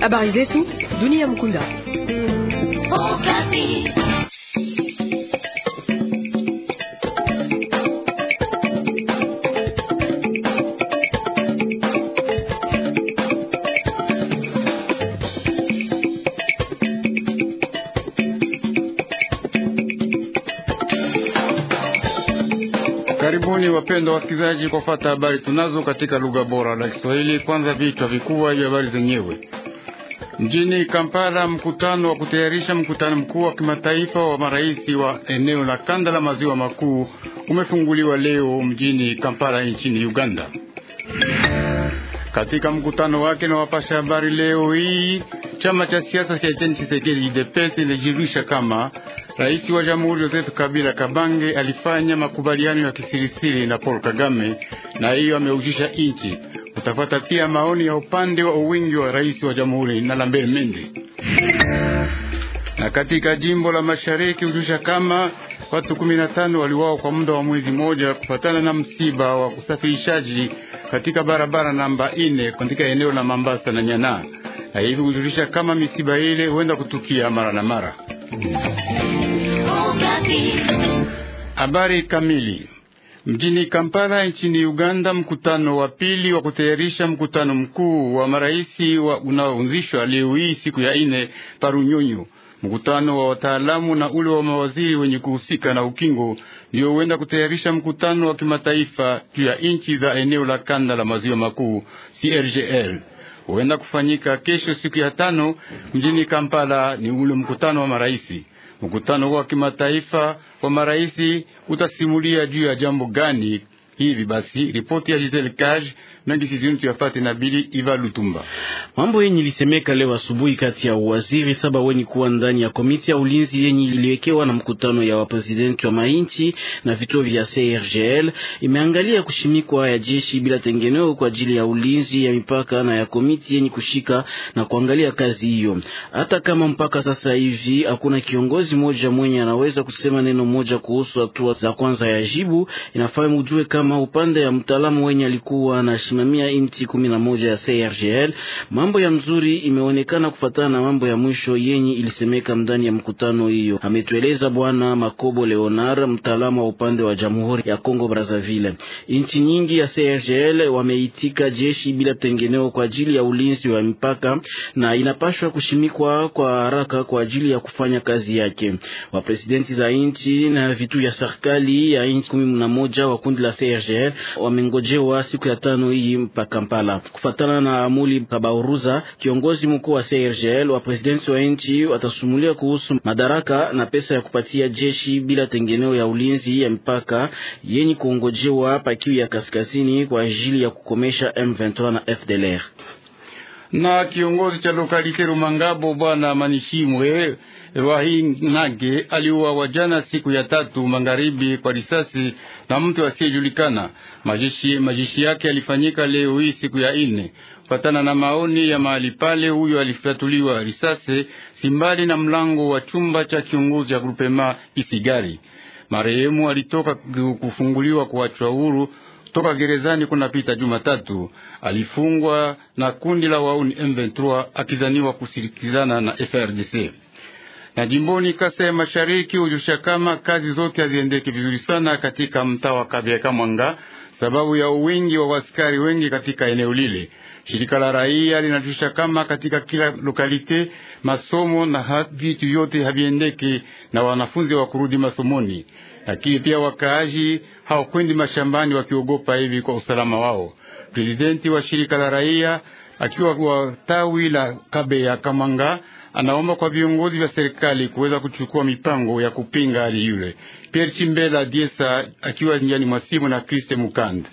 Habari zetu dunia mkunda Okapi. Karibuni wapendwa wasikilizaji, kwa fata habari tunazo katika lugha bora la Kiswahili. Kwanza vichwa vikubwa vya habari zenyewe. Mjini Kampala, mkutano wa kutayarisha mkutano mkuu wa kimataifa wa marais wa eneo la kanda la maziwa makuu umefunguliwa leo mjini Kampala nchini Uganda. Katika mkutano wake na wapasha habari leo hii, chama cha siasa cha Etienne Tshisekedi UDPS inajirisha kama Rais wa Jamhuri Joseph Kabila Kabange alifanya makubaliano ya kisirisiri na Paul Kagame, na hiyo ameujisha inchi Utafata pia maoni ya upande wa uwingi wa rais wa jamhuri na Lambert Mende. Na katika jimbo la Mashariki ujusha kama watu 15 waliuawa kwa muda wa mwezi mmoja kufatana na msiba wa kusafirishaji katika barabara namba ine katika eneo la Mambasa na Nyana, na hivi hujulisha kama misiba ile huenda kutukia mara na mara. Habari kamili. Mjini Kampala nchini Uganda, mkutano wa pili wa kutayarisha mkutano mkuu wa maraisi unaoanzishwa leo hii siku ya ine Parunyunyu. Mkutano wa wataalamu na ule wa mawaziri wenye kuhusika na ukingo ndio huenda kutayarisha mkutano wa kimataifa juu ya nchi za eneo la kanda la maziwa makuu CRGL huenda kufanyika kesho siku ya tano mjini Kampala. Ni ule mkutano wa maraisi Mkutano huo wa kimataifa wa maraisi utasimulia juu ya jambo gani? Hivi basi, ripoti ya Giselle Cage na bili Iva Lutumba. Mambo yenye ilisemeka leo asubuhi kati ya waziri saba wenye kuwa ndani ya komiti ya ulinzi yenye iliwekewa na mkutano ya waprezidenti wa mainchi na vituo vya CRGL imeangalia kushimikwa ya jeshi bila tengeneo kwa ajili ya ulinzi ya mipaka na ya komiti yenye kushika na kuangalia kazi hiyo. Hata kama mpaka sasa hivi hakuna kiongozi mmoja mwenye anaweza kusema neno moja kuhusu hatua za kwanza ya jibu, inafaa mujue kama upande ya mtaalamu wenye alikuwa na kusimamia inti kumi na moja ya CRGL. Mambo ya mzuri imeonekana kufatana na mambo ya mwisho yenye ilisemeka ndani ya mkutano hiyo, ametueleza Bwana Makobo Leonard, mtaalamu wa upande wa Jamhuri ya Kongo Brazzaville. Inti nyingi ya CRGL wameitika jeshi bila tengeneo kwa ajili ya ulinzi wa mipaka na inapashwa kushimikwa kwa haraka kwa ajili ya kufanya kazi yake. Wapresidenti za inchi na vitu ya serikali ya inchi kumi na moja wa kundi la CRGL wamengojewa siku ya tano Ituri mpaka Kampala. Kufatana na Amuli Kabauruza, kiongozi mkuu wa CIRGL, wa presidenti wa nchi watasumulia kuhusu madaraka na pesa ya kupatia jeshi bila tengeneo ya ulinzi ya mipaka yenye kuongojewa pa Kivu ya kaskazini kwa ajili ya kukomesha M23 na FDLR na kiongozi cha lokalite Rumangabo bwana Manishimwe Wahinage aliuawa jana siku ya tatu magharibi kwa risasi na mtu asiyejulikana. Majishi, majishi yake alifanyika leo hii siku ya ine. Kufatana na maoni ya mahali pale, huyo alifyatuliwa risasi simbali na mlango wa chumba cha kiongozi ya grupema Isigari. Marehemu alitoka kufunguliwa kuachwa huru toka gerezani kunapita Jumatatu. Alifungwa na kundi la wauni M23 akizaniwa kusirikizana na FRDC na jimboni kasa ya Mashariki hujusha kama kazi zote haziendeki vizuri sana katika mtaa wa Kabiaka Kamwanga sababu ya uwingi wa waskari wengi katika eneo lile. Shirika la raia linajusha kama katika kila lokalite masomo na vitu vyote haviendeki na wanafunzi wa kurudi masomoni lakini pia wakaaji hawakwendi mashambani wakiogopa hivi kwa usalama wao. Prezidenti wa shirika la raia akiwa wa tawi la Kabeya Kamanga anaomba kwa viongozi vya serikali kuweza kuchukua mipango ya kupinga hali yule. Pierre Chimbela Diesa akiwa njiani mwa simu na Kriste Mukanda.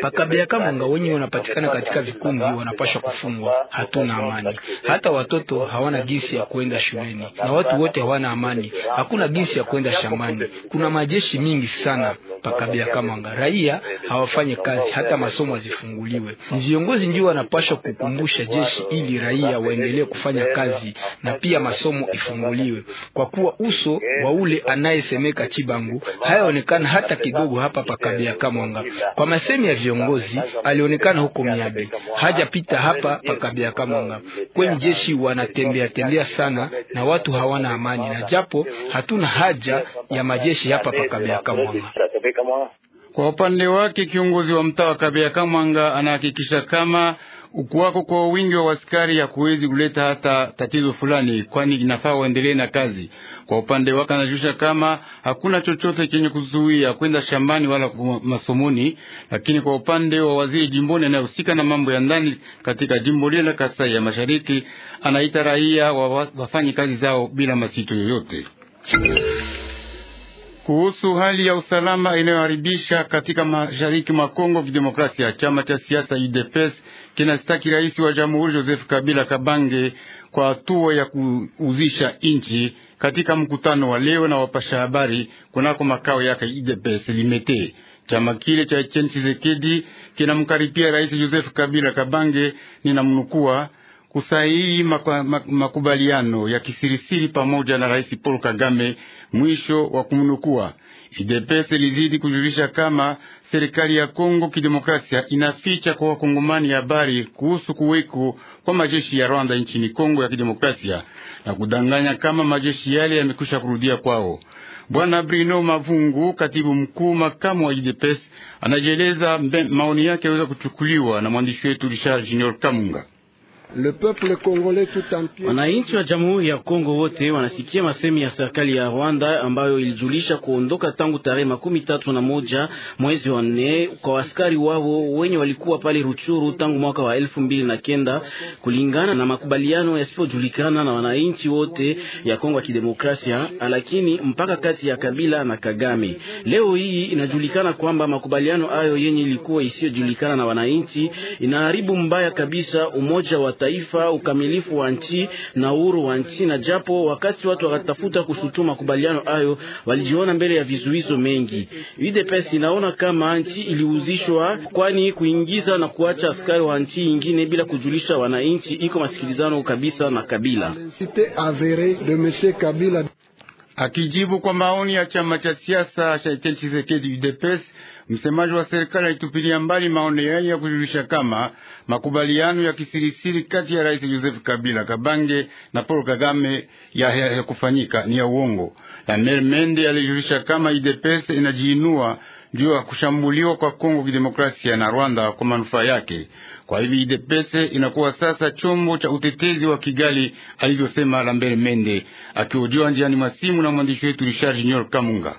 Pakabeaka Mwanga wenye wanapatikana katika vikundi wanapashwa kufungwa. Hatuna amani, hata watoto hawana gisi ya kuenda shuleni na watu wote hawana amani. Hakuna gisi ya kuenda shambani, kuna majeshi mingi sana pakabia kama raia hawafanye kazi, hata masomo azifunguliwe Ni viongozi ndio wanapaswa kukumbusha jeshi ili raia waendelee kufanya kazi na pia masomo ifunguliwe, kwa kuwa uso wa ule anayesemeka Chibangu hayaonekana hata kidogo hapa pakabila Kamwanga. Kwa masemi ya viongozi, alionekana huko Miabe, hajapita hapa pakabila Kamwanga. Kwenye jeshi wanatembea tembea sana na watu hawana amani, na japo hatuna haja ya majeshi hapa pakabila Kamwanga. Kwa upande wake kiongozi wa mtaa wa Kabea Kamwanga anahakikisha kama ukuwako kwa wingi wa wasikari hakuwezi kuleta hata tatizo fulani, kwani inafaa waendelee na kazi. Kwa upande wake anajusha kama hakuna chochote chenye kuzuia kwenda shambani wala masomoni. Lakini kwa upande wa waziri jimboni anayehusika na mambo ya ndani katika jimbo lile la Kasai ya Mashariki, anaita raia wafanye kazi zao bila masito yoyote kuhusu hali ya usalama inayoharibisha katika mashariki mwa Kongo Kidemokrasia, chama cha siasa UDPS kinastaki rais wa jamhuri Joseph Kabila Kabange kwa hatua ya kuuzisha nchi katika mkutano wa leo na wapasha habari kunako makao yake UDPS Limete. Chama kile cha Etienne Tshisekedi kinamkaripia rais Joseph Kabila Kabange, ninamnukua kusahihi makubaliano ya kisirisiri pamoja na Rais Paul Kagame. Mwisho wa kumnukua. UDPS ilizidi kujulisha kama serikali ya Kongo Kidemokrasia inaficha kwa wakongomani habari kuhusu kuweko kwa majeshi ya Rwanda nchini Kongo ya Kidemokrasia na kudanganya kama majeshi yale yamekwisha kurudia kwao. Bwana Bruno Mavungu, katibu mkuu makamu wa UDPS, anajieleza maoni yake yaweza kuchukuliwa na mwandishi wetu Richard Junior Kamunga. Wananchi wa Jamhuri ya Kongo wote wanasikia masemi ya serikali ya Rwanda ambayo ilijulisha kuondoka tangu tarehe makumi tatu na moja mwezi wa nne kwa askari wao wenye walikuwa pale Ruchuru tangu mwaka wa elfu mbili na kenda kulingana na makubaliano yasiyojulikana na wananchi wote ya Kongo ya Kidemokrasia, lakini mpaka kati ya Kabila na Kagame. Leo hii inajulikana kwamba makubaliano hayo yenye ilikuwa isiyojulikana na wananchi inaharibu mbaya kabisa umoja wa taifa, ukamilifu wa nchi na uhuru wa nchi. Na japo wakati watu wakatafuta kushutuma makubaliano hayo, walijiona mbele ya vizuizo mengi. UDPS inaona kama nchi iliuzishwa, kwani kuingiza na kuacha askari wa nchi nyingine bila kujulisha wananchi iko masikilizano kabisa na Kabila. Akijibu kwa maoni ya chama cha siasa cha Etienne Tshisekedi UDPS Msemaji wa serikali alitupilia mbali maoni yake ya kujulisha kama makubaliano ya kisirisiri kati ya Rais Joseph Kabila Kabange na Paul Kagame ya, ya, ya kufanyika ni ya uongo. Daniel Mende alijulisha kama UDPS inajiinua juu ya kushambuliwa kwa Kongo kidemokrasia na Rwanda kwa manufaa yake. Kwa hivyo UDPS inakuwa sasa chombo cha utetezi wa Kigali, alivyosema Lambert Mende akiojiwa njiani mwa simu na mwandishi wetu Richard Junior Kamunga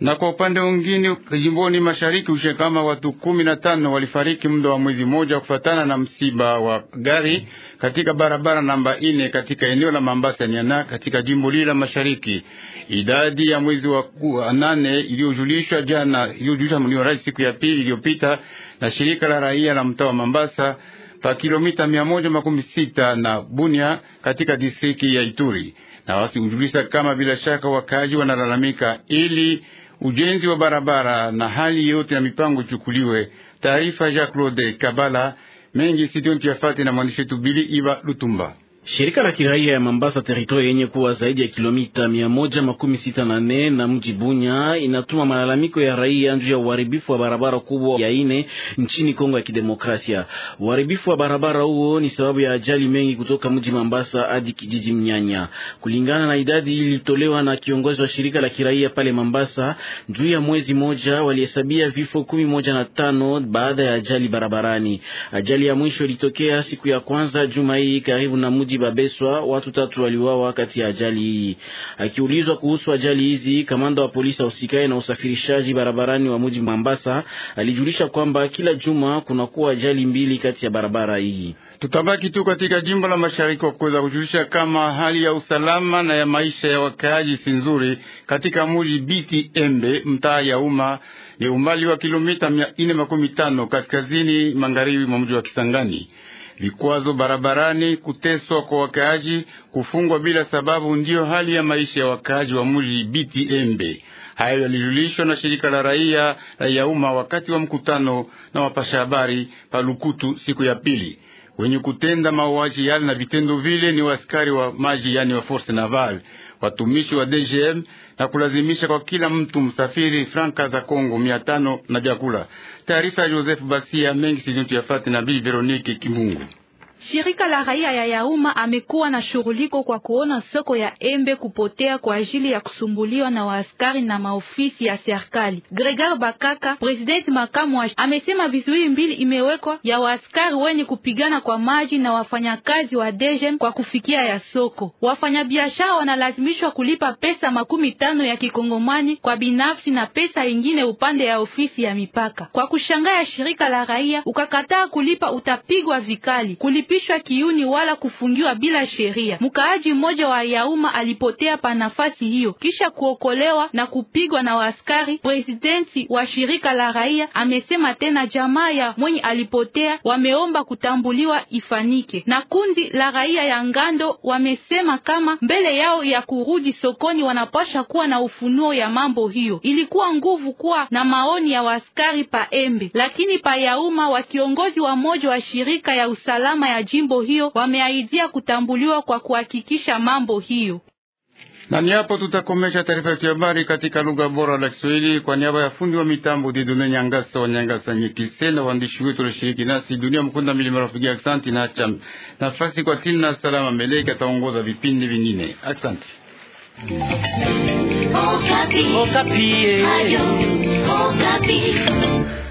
na kwa upande mwingine jimboni mashariki ushe kama watu kumi na tano walifariki muda wa mwezi mmoja kufuatana na msiba wa gari katika barabara namba ine katika eneo la Mambasa Nyana katika jimbo lile la mashariki. Idadi ya mwezi wa nane iliyojulishwa jana iliyojulishwa mlio rais siku ya pili iliyopita na shirika la raia la mtaa wa Mambasa pa kilomita mia moja makumi sita na Bunia katika distriki ya Ituri, na wasi ujulisa kama bila shaka wakaji wanalalamika ili ujenzi wa barabara na hali yote ya mipango ichukuliwe. Taarifa ya Claude Kabala mengi sitontu na mwandishi wetu Bili Iva Lutumba. Shirika la kiraia ya Mambasa teritori yenye kuwa zaidi ya kilomita mia moja makumi sita na nne na mji Bunya inatuma malalamiko ya raia juu ya uharibifu wa barabara kubwa ya ine nchini Kongo ya Kidemokrasia. Uharibifu wa barabara huo ni sababu ya ajali mengi kutoka mji Mambasa hadi kijiji Mnyanya, kulingana na idadi ilitolewa na kiongozi wa shirika la kiraia pale Mambasa. Juu ya mwezi moja walihesabia vifo kumi moja na tano baada ya ajali barabarani. Ajali ya mwisho ilitokea siku ya kwanza juma hii karibu na mji Babeswa, watu tatu waliuawa kati ya ajali hii. Akiulizwa kuhusu ajali hizi, kamanda wa polisi ausikae na usafirishaji barabarani wa mji Mambasa alijulisha kwamba kila juma kunakuwa ajali mbili kati ya barabara hii. Tutabaki tu katika jimbo la mashariki kwa kuweza kujulisha kama hali ya usalama na ya maisha ya wakaaji si nzuri katika mji Biti Embe, mtaa ya umma ni umbali wa kilomita mia kaskazini magharibi mwa mji wa Kisangani vikwazo barabarani, kuteswa kwa wakaaji, kufungwa bila sababu, ndiyo hali ya maisha ya wakaaji wa mji embe Hayo yalijulishwa na shirika la raia ya umma wakati wa mkutano na wapasha habari Palukutu siku ya pili. Wenye kutenda mauaji yale na vitendo vile ni waskari wa maji, yani wa force naval, watumishi wa DGM na kulazimisha kwa kila mtu msafiri franka za Kongo mia tano na vyakula. Taarifa ya Joseph Basia mengi sizitu yafati na Bibi Veronique Kimungu. Shirika la raia ya Yauma amekuwa na shughuliko kwa kuona soko ya embe kupotea kwa ajili ya kusumbuliwa na waaskari na maofisi ya serikali. Gregar Bakaka, presidenti makamu wa, amesema vizuii mbili imewekwa ya waaskari wenye kupigana kwa maji na wafanyakazi wa Dejem kwa kufikia ya soko. Wafanyabiashara wanalazimishwa kulipa pesa makumi tano ya kikongomani kwa binafsi na pesa ingine upande ya ofisi ya mipaka. Kwa kushangaa ya shirika la raia, ukakataa kulipa utapigwa vikali kulipa kulipishwa kiuni wala kufungiwa bila sheria. Mkaaji mmoja wa Yauma alipotea pa nafasi hiyo kisha kuokolewa na kupigwa na waaskari. Presidenti wa shirika la raia amesema tena jamaa ya mwenye alipotea wameomba kutambuliwa ifanike, na kundi la raia ya Ngando wamesema kama mbele yao ya kurudi sokoni wanapasha kuwa na ufunuo ya mambo hiyo. Ilikuwa nguvu kuwa na maoni ya waaskari pa Embe, lakini pa Yauma wa kiongozi wa moja wa shirika ya usalama ya ya jimbo hiyo wameahidia kutambuliwa kwa kuhakikisha mambo hiyo. Na ni hapo tutakomesha taarifa yetu ya habari katika lugha bora la Kiswahili kwa niaba ya fundi wa mitambo Didone Nyangasa wa Nyangasa Nyekise na waandishi wetu walioshiriki nasi. Dunia Mkunda Milima Rafiki, asante. na nafasi kwa Tina Salama Meleke ataongoza vipindi vingine. Aksanti Okapi. Oh, Okapi. Oh, eh. Ayo. Okapi. Oh,